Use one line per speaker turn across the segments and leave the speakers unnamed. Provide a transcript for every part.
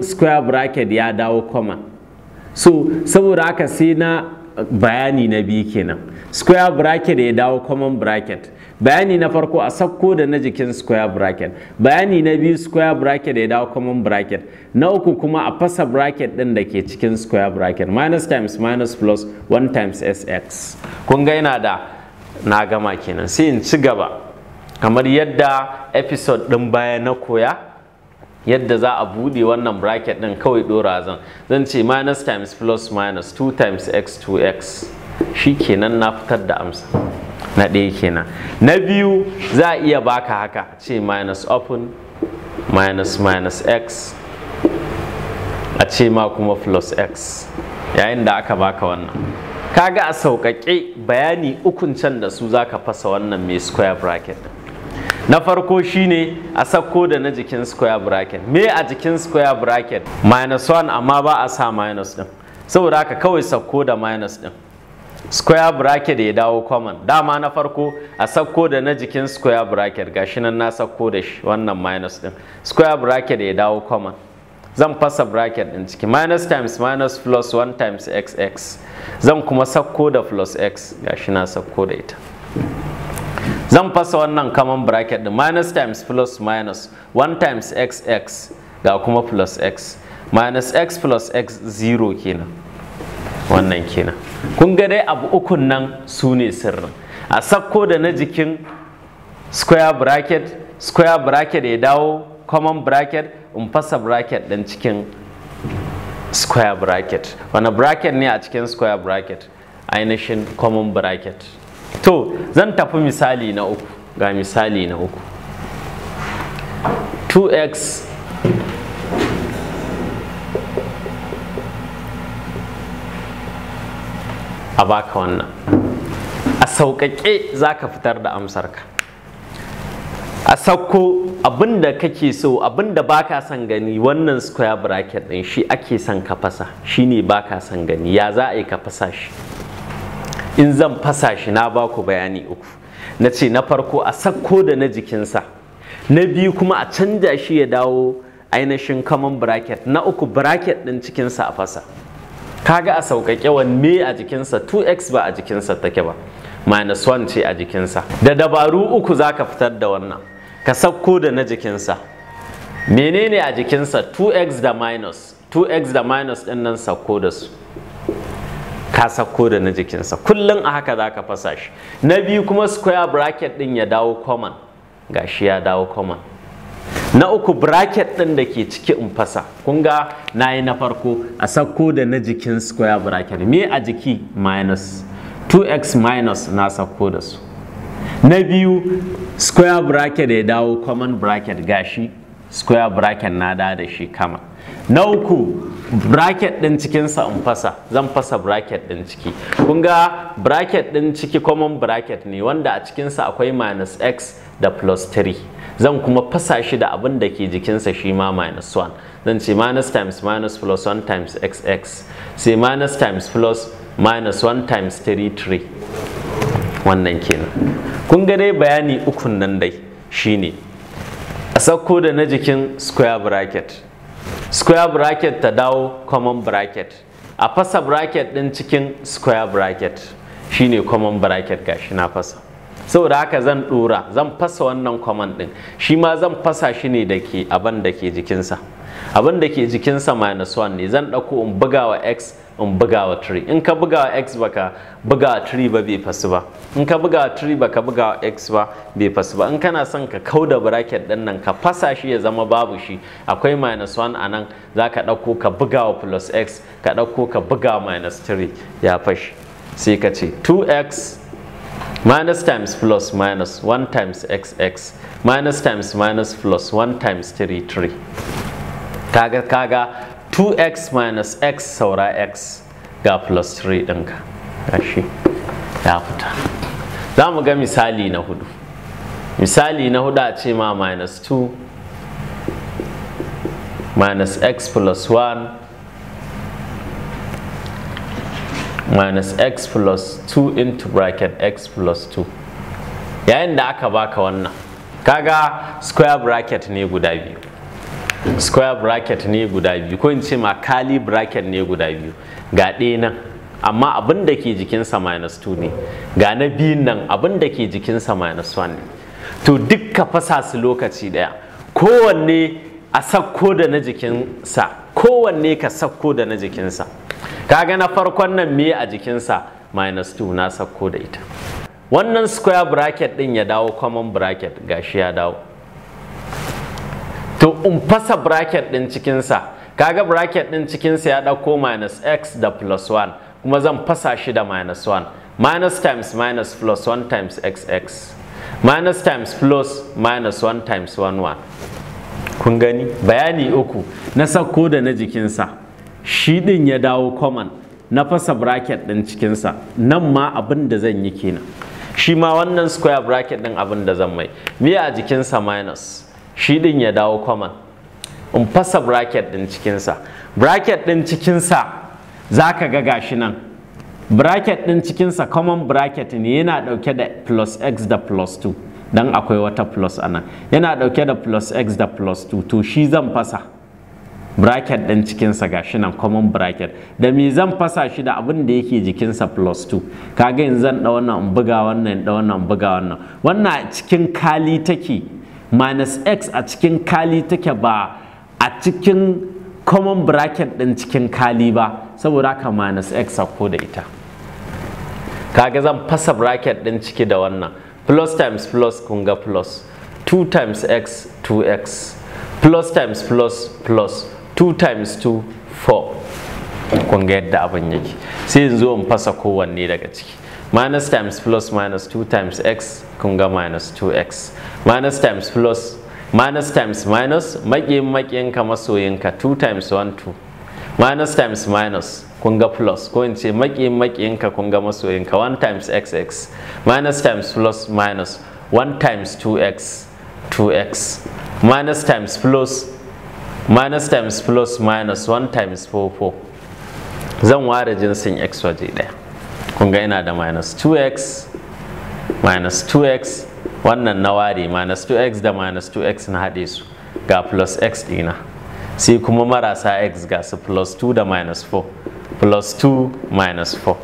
square bracket ya dawo comma so saboda haka sai na bayani na biyu kenan square bracket ya dawo common bracket bayani na farko a sakko da na jikin square bracket bayani na biyu square bracket ya dawo common bracket na uku kuma a fasa bracket din da ke cikin square bracket minus times minus plus 1 times sx kun ga yana da na gama kenan sai in ci gaba kamar yadda episode din baya na koya yadda za a bude wannan bracket din kawai dora zan zan ce minus times plus minus 2 times x 2x shi kenan na fitar da amsa na ɗaya kenan na biyu za a iya baka haka ce minus open minus minus x a ce ma kuma plus x yayin da aka baka wannan kaga a sauƙaƙe bayani ukun can da su za ka fasa wannan mai square bracket na farko shine a sakko da na jikin square bracket me a jikin square bracket minus 1 amma ba a sa minus din saboda haka kawai sakko da minus din square bracket ya dawo common dama na farko a sakko da na jikin square bracket gashi nan na sakko da shi wannan minus din square bracket ya dawo common zan fasa bracket din ciki minus times minus plus 1 times xx zan kuma sakko da plus x gashi na sakko da ita zan fasa wannan common bracket din minus times plus minus 1 times x x ga kuma plus x minus x plus x 0 kenan wannan kenan kun ga dai abu ukun nan su ne sirrin a sakko da na jikin square bracket square bracket ya dawo common bracket in fasa bracket din cikin square bracket wani bracket ne a cikin square bracket ainihin common bracket to zan tafi misali na uku ga misali na uku 2x a baka wannan a sauƙaƙe za ka fitar da amsarka a sauko abinda kake so abinda baka son gani wannan square bracket ɗin shi ake son ka fasa shi shine baka son gani ya za a yi ka fasa shi in zan fasa shi na baku bayani uku na ce na farko a sakko da na jikinsa na biyu kuma a canja shi ya dawo ainihin kaman bracket na uku bracket ɗin cikinsa a fasa kaga a sauƙaƙe wanne a jikinsa 2x ba a jikinsa take ba minus 1 ce a jikinsa da dabaru uku za ka fitar da wannan ka sakko da na jikinsa menene a jikinsa 2x da minus 2x da minus ɗin nan sakko da su ka sako da na jikinsa kullum a haka za ka fasa shi na biyu kuma square bracket ɗin ya dawo common ga shi ya dawo common na uku bracket ɗin da ke ciki in fasa kunga ga na yi na farko a sako da na jikin square bracket me a jiki minus 2x minus na sako da su na biyu square bracket ya dawo common bracket gashi square bracket na da da shi kama na uku bracket din cikinsa in fasa zan fasa bracket din ciki kun ga bracket din ciki common bracket ne wanda a cikinsa akwai minus x da plus 3 zan kuma fasa shi da abin da ke jikinsa shi ma minus 1 zan ce minus times minus plus 1 times xx sai minus times plus minus 1 times 3 3 wannan kenan kun ga dai bayani ukun nan dai shine a sauko da na jikin square bracket square bracket ta dawo common bracket a fasa bracket din cikin square bracket shine common bracket gashi na fasa saboda haka zan dora zan fasa wannan common din shi ma zan fasa shi ne da ke abin da ke jikinsa abin da ke jikinsa minus 1 ne zan ɗauko in buga wa x in buga wa tree in ka buga wa x baka buga wa tree ba bai fasu ba in ka buga wa tree baka buga wa x ba bai fasu ba in kana son ka kauda bracket din nan ka fasa shi ya zama babu shi akwai minus 1 anan nan za ka ɗauko ka buga wa plus x ka ɗauko ka buga wa minus 3 ya fashi sai ka ce 2x minus times plus minus 1 times xx minus times minus plus 1 times 3 3 kaga kaga 2x minus x saura x ga plus 3 ɗinka gashi ya fita za mu ga misali na hudu misali na hudu a ce ma minus 2 minus x plus 1 minus x plus 2 into bracket x plus 2 yayin da aka baka wannan kaga square bracket ne guda biyu square bracket ne guda biyu ko in ce ma kali bracket ne guda biyu ga ɗaya nan amma abin da ke jikinsa minus 2 ne ga na biyun nan abin da ke jikinsa minus 1 ne to dukka fasa su lokaci ɗaya kowanne a sakko da na jikinsa kowanne ka sakko da na jikinsa kaga na farkon nan me a jikinsa minus 2 na sakko da ita wannan square bracket ɗin ya dawo common bracket shi ya dawo to in fasa bracket din cikinsa kaga bracket din cikinsa ya ɗauko minus x da plus 1 kuma zan fasa shi da minus 1 minus times minus plus 1 times xx minus times plus minus 1 times 1 1 kun gani bayani uku na sako da na jikinsa shi din ya dawo common na fasa bracket din cikinsa nan ma abin da zan yi kenan shi ma wannan square bracket din abin da zan mai me a jikinsa minus shi din ya dawo common in fasa bracket din cikinsa bracket din cikinsa za ka ga gashi nan bracket din cikinsa common bracket ne yana dauke da plus x da plus 2 don akwai wata plus anan yana dauke da plus x da plus 2 to shi zan fasa bracket ɗin cikinsa ga shi nan common bracket da me zan fasa shi da abin da yake jikinsa plus 2 kaga yanzu zan da wannan buga wannan da wannan buga wannan wannan cikin kali take minus x a cikin kali take ba a cikin common bracket ɗin cikin kali ba saboda ka minus x ko da ita kaga zan fasa bracket ɗin ciki da wannan plus times plus kun ga plus 2 times x 2x plus times plus plus 2 times 2 4 kun ga yadda abin yake sai yanzu in fasa kowanne daga ciki minus times plus minus 2 times x kun ga minus 2x minus times plus minus times minus maƙiyin maƙiyinka masoyinka 2 times 1 2 minus times minus kun ga plus ko in ce maƙiyin maƙiyinka kun ga masoyinka 1 times x x minus times plus minus 1 times 2x 2x minus times plus minus times plus minus 1 times 4 4 zan ware jinsin x waje ɗaya Kunga ga ina da minus 2x minus 2x wannan na ware minus 2x da minus 2x na haɗe su ga plus x ɗina sai kuma marasa x ga su plus 2 da minus 4 plus 2 minus 4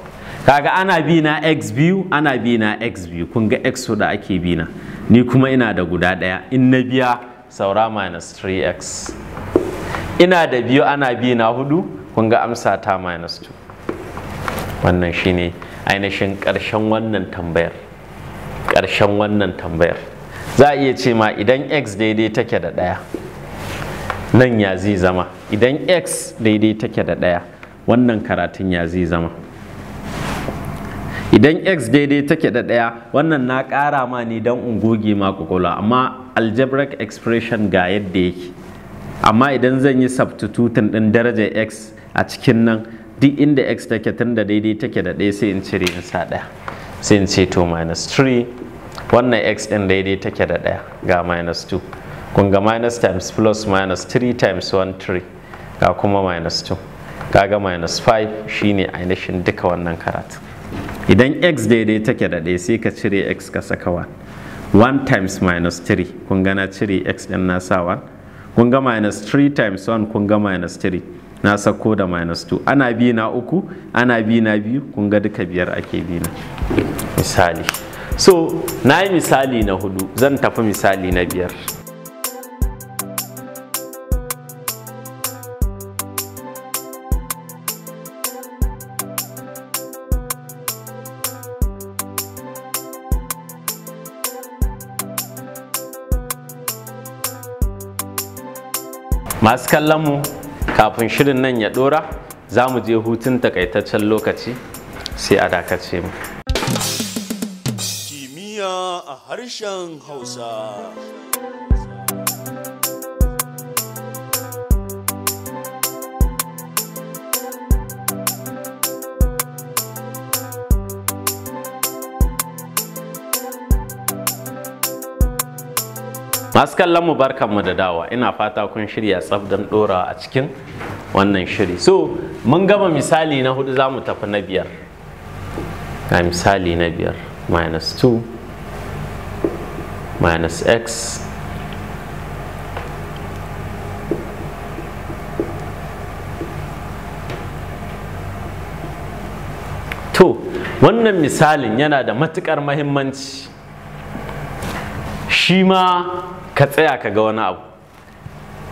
kaga ana bi na x biyu ana bi na x biyu kun ga x da ake bi na ni kuma ina da guda ɗaya in na biya saura minus 3x ina da biyu ana bi na hudu kun ga amsa ta minus 2 wannan shine ainihin ƙarshen wannan tambayar ƙarshen wannan tambayar za a iya ce ma idan x daidai take da ɗaya nan ya zai zama idan x daidai take da ɗaya wannan karatun ya zai zama idan x daidai take da ɗaya wannan na ƙara ma ne don in goge ma kwakwalwa amma algebraic expression ga yadda yake amma idan zan yi substituting ɗin darajar x a cikin nan duk inda x take tun da daidai take da ɗaya sai in cire in sa ɗaya sai in ce to minus 3 wannan x ɗin daidai take da ɗaya ga minus 2 kun ga minus times plus minus 3 times 1 3 ga kuma minus 2 ga minus 5 shine ainihin duka wannan karatu idan x daidai take da ɗaya sai ka cire x ka saka 1 1 times minus 3 kun na cire x ɗin na sa 1 kun ga minus 3 times 1 kun ga minus 3 na sako da minus 2 ana bi na uku ana bi na biyu kun ga duka biyar ake bi na misali so na yi misali na hudu zan tafi misali na biyar masu kallon mu kafin shirin nan ya dora za mu je hutun takaitaccen lokaci sai a dakace mu kimiyya a harshen hausa masu kallon mu barkanmu da dawa ina fata kun shirya tsaf don dora a cikin wannan shiri so mun gama misali na hudu za mu tafi na biyar ga misali na biyar minus 2 minus x to wannan misalin yana da matukar mahimmanci shi ma ka tsaya ka ga wani abu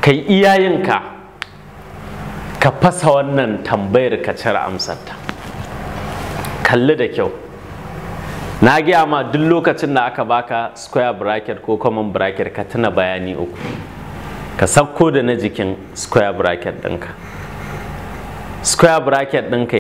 kai iyayenka ka fasa wannan tambayar ka cire amsarta kalli da kyau na gaya ma duk lokacin da aka baka square bracket ko common bracket ka tuna bayani uku ka sauko da na jikin square bracket ɗinka square bracket ɗinka